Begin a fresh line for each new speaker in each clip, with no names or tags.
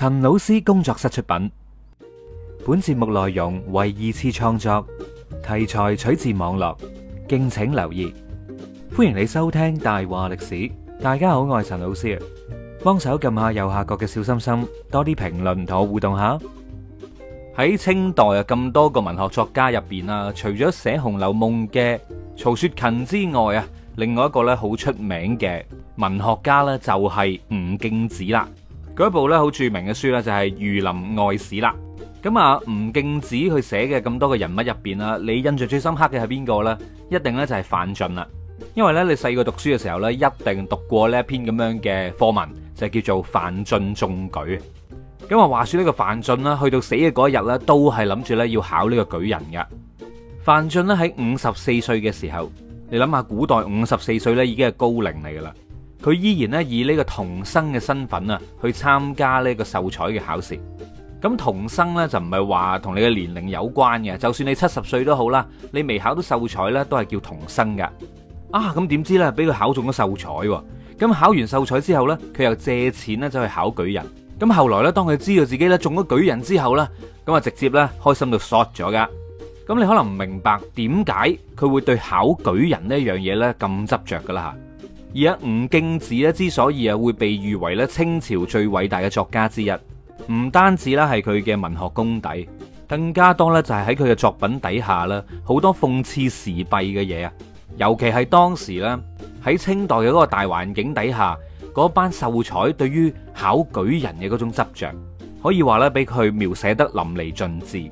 陳老師工作室出品，本節目內容為二次創作，題材取自網絡，敬請留意。歡迎你收聽《大話歷史》。大家好，我係陳老師啊，幫手撳下右下角嘅小心心，多啲評論同我互動下。喺清代啊，咁多個文學作家入邊啊，除咗寫《紅樓夢》嘅曹雪芹之外啊，另外一個呢，好出名嘅文學家呢，就係吳敬梓啦。嗰部咧好著名嘅書咧就係、是《儒林外史》啦。咁啊，吳敬梓佢寫嘅咁多嘅人物入邊啦，你印象最深刻嘅係邊個呢？一定咧就係范進啦。因為呢，你細個讀書嘅時候呢，一定讀過呢一篇咁樣嘅課文，就是、叫做范進中舉。咁啊，話說呢個范進呢，去到死嘅嗰一日呢，都係諗住呢要考呢個舉人噶。范進呢，喺五十四歲嘅時候，你諗下古代五十四歲呢已經係高齡嚟噶啦。佢依然咧以呢個童生嘅身份啊去參加呢個秀才嘅考試。咁童生咧就唔係話同你嘅年齡有關嘅，就算你七十歲都好啦，你未考到秀才咧都係叫童生噶。啊，咁點知咧俾佢考中咗秀才。咁考完秀才之後咧，佢又借錢咧就去考舉人。咁後來咧，當佢知道自己咧中咗舉人之後咧，咁啊直接咧開心到 short 咗噶。咁你可能唔明白點解佢會對考舉人呢一樣嘢咧咁執着噶啦吓。而阿吳敬梓咧之所以啊會被譽為咧清朝最偉大嘅作家之一，唔單止啦係佢嘅文學功底，更加多咧就係喺佢嘅作品底下啦，好多諷刺時弊嘅嘢啊，尤其係當時咧喺清代嘅嗰個大環境底下，嗰班秀才對於考舉人嘅嗰種執着，可以話咧俾佢描寫得淋漓盡致。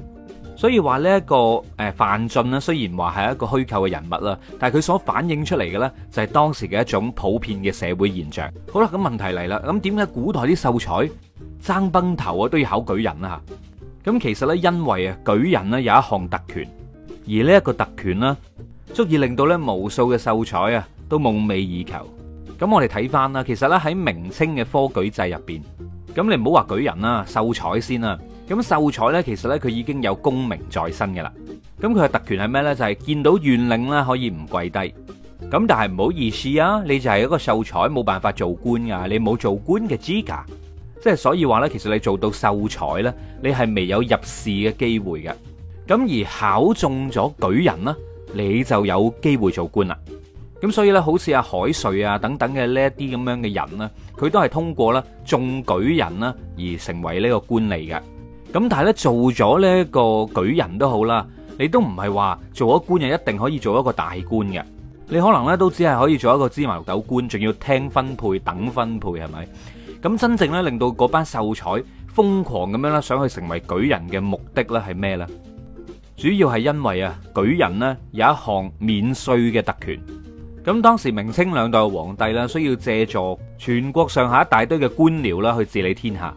所以話呢一個誒范進咧，雖然話係一個虛構嘅人物啦，但係佢所反映出嚟嘅呢，就係當時嘅一種普遍嘅社會現象。好啦，咁問題嚟啦，咁點解古代啲秀才爭崩頭啊都要考舉人啦？咁其實呢，因為啊舉人咧有一項特權，而呢一個特權啦，足以令到呢無數嘅秀才啊都夢寐以求。咁我哋睇翻啦，其實呢喺明清嘅科舉制入邊，咁你唔好話舉人啦，秀才先啦。咁秀才呢，其實呢佢已經有功名在身嘅啦。咁佢嘅特權係咩呢？就係見到縣令呢可以唔跪低。咁但係唔好意思啊，你就係一個秀才，冇辦法做官噶。你冇做官嘅資格，即係所以話呢，其實你做到秀才呢，你係未有入仕嘅機會嘅。咁而考中咗舉人呢，你就有機會做官啦。咁所以呢，好似阿海瑞啊等等嘅呢一啲咁樣嘅人呢，佢都係通過呢中舉人呢而成為呢個官嚟嘅。咁但係咧做咗呢一個舉人都好啦，你都唔係話做咗官人一定可以做一個大官嘅，你可能咧都只係可以做一個芝麻綠豆官，仲要聽分配、等分配係咪？咁真正咧令到嗰班秀才瘋狂咁樣咧想去成為舉人嘅目的咧係咩呢？主要係因為啊舉人咧有一項免稅嘅特權。咁當時明清兩代皇帝咧需要借助全國上下一大堆嘅官僚啦去治理天下。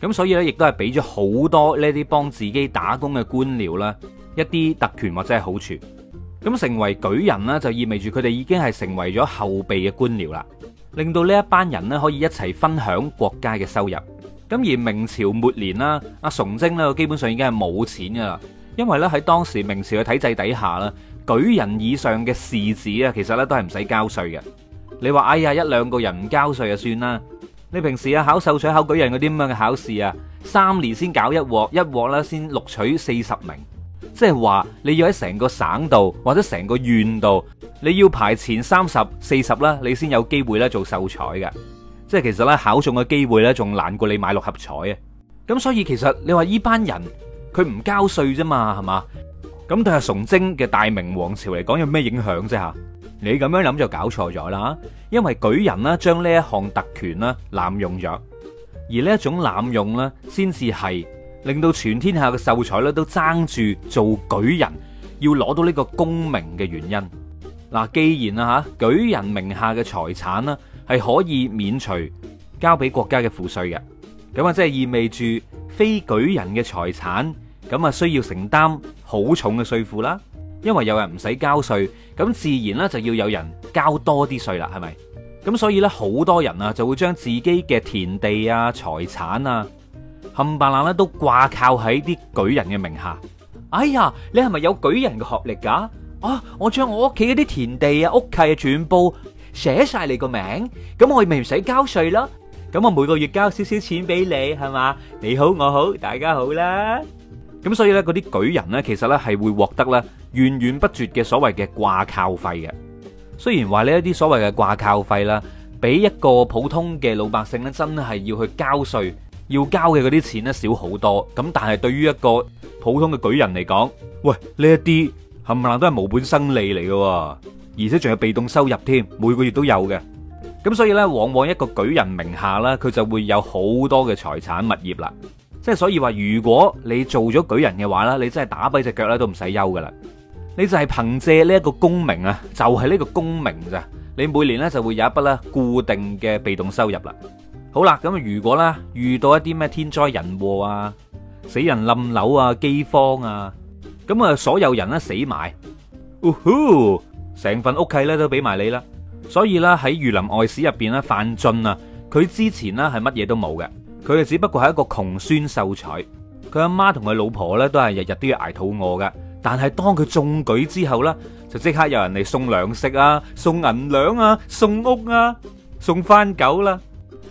咁所以咧，亦都係俾咗好多呢啲幫自己打工嘅官僚啦，一啲特權或者係好處。咁成為舉人呢，就意味住佢哋已經係成為咗後備嘅官僚啦，令到呢一班人呢可以一齊分享國家嘅收入。咁而明朝末年啦，阿崇禎呢，基本上已經係冇錢噶啦，因為咧喺當時明朝嘅體制底下啦，舉人以上嘅士子呀，其實咧都係唔使交稅嘅。你話哎呀，一兩個人唔交稅就算啦。你平時啊考秀才，考舉人嗰啲咁樣嘅考試啊，三年先搞一鑊，一鑊啦先錄取四十名，即係話你要喺成個省度或者成個縣度，你要排前三十四十啦，40, 你先有機會咧做秀才嘅，即係其實咧考中嘅機會咧仲難過你買六合彩啊，咁、嗯、所以其實你話呢班人佢唔交稅啫嘛，係嘛？咁對阿崇禎嘅大明王朝嚟講有咩影響啫？吓，你咁樣諗就搞錯咗啦。因為舉人啦，將呢一項特權啦濫用咗，而呢一種濫用咧，先至係令到全天下嘅秀才咧都爭住做舉人，要攞到呢個功名嘅原因嗱。既然啊吓，舉人名下嘅財產啦係可以免除交俾國家嘅賦稅嘅，咁啊，即係意味住非舉人嘅財產咁啊，需要承擔。好重嘅稅負啦，因為有人唔使交稅，咁自然咧就要有人交多啲稅啦，係咪？咁所以咧，好多人啊就會將自己嘅田地啊、財產啊，冚唪唥咧都掛靠喺啲舉人嘅名下。哎呀，你係咪有舉人嘅學歷噶？啊，我將我屋企嗰啲田地啊、屋契啊全部寫晒你個名，咁我咪唔使交稅啦。咁我，每個月交少少錢俾你係嘛？你好，我好，大家好啦。咁所以咧，嗰啲舉人咧，其實咧係會獲得咧源源不絕嘅所謂嘅掛靠費嘅。雖然話呢一啲所謂嘅掛靠費啦，比一個普通嘅老百姓咧真係要去交稅要交嘅嗰啲錢咧少好多。咁但係對於一個普通嘅舉人嚟講，喂呢一啲冚唪唥都係無本生利嚟嘅，而且仲有被動收入添，每個月都有嘅。咁所以咧，往往一個舉人名下啦，佢就會有好多嘅財產物業啦。即係所以話，如果你做咗舉人嘅話呢，你真係打跛隻腳咧都唔使憂噶啦。你就係憑借呢一個功名啊，就係、是、呢個功名咋。你每年呢就會有一筆咧固定嘅被動收入啦。好啦，咁如果呢遇到一啲咩天災人禍啊、死人冧樓啊、饑荒啊，咁啊所有人呢死埋，嗚、呃、呼，成份屋契呢都俾埋你啦。所以啦，喺《儒林外史》入邊呢，范進啊，佢之前呢係乜嘢都冇嘅。佢就只不過係一個窮酸秀才，佢阿媽同佢老婆咧都係日日都要捱肚餓噶。但係當佢中舉之後咧，就即刻有人嚟送糧食啊、送銀兩啊、送屋啊、送番狗啦。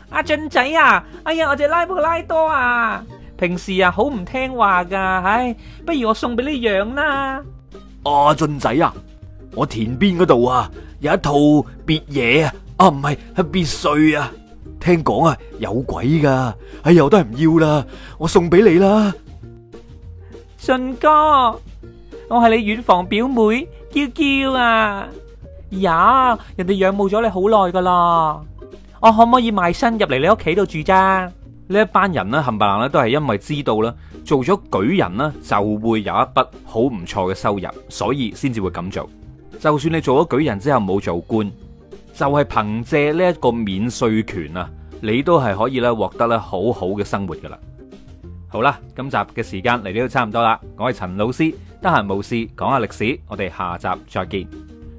阿俊仔啊，哎呀，我隻拉布拉多啊，平時啊好唔聽話噶，唉，不如我送俾你養啦。阿俊仔啊，我田邊嗰度啊有一套別野啊，啊唔係，係別墅啊。聽講啊，有鬼噶，哎，我都係唔要啦，我送俾你啦，俊哥。我係你遠房表妹嬌嬌啊，哎、呀，人哋仰慕咗你好耐噶啦，我可唔可以賣身入嚟你屋企度住咋？呢一班人呢，冚唪唥呢都係因為知道啦，做咗舉人呢就會有一筆好唔錯嘅收入，所以先至會咁做。就算你做咗舉人之後冇做官。就係憑借呢一個免稅權啊，你都係可以咧獲得咧好好嘅生活噶啦。好啦，今集嘅時間嚟到差唔多啦。我係陳老師，得閒無事講下歷史，我哋下集再見。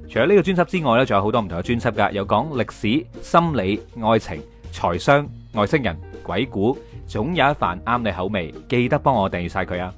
除咗呢個專輯之外咧，仲有好多唔同嘅專輯噶，有講歷史、心理、愛情、財商、外星人、鬼故，總有一番啱你口味。記得幫我訂閱晒佢啊！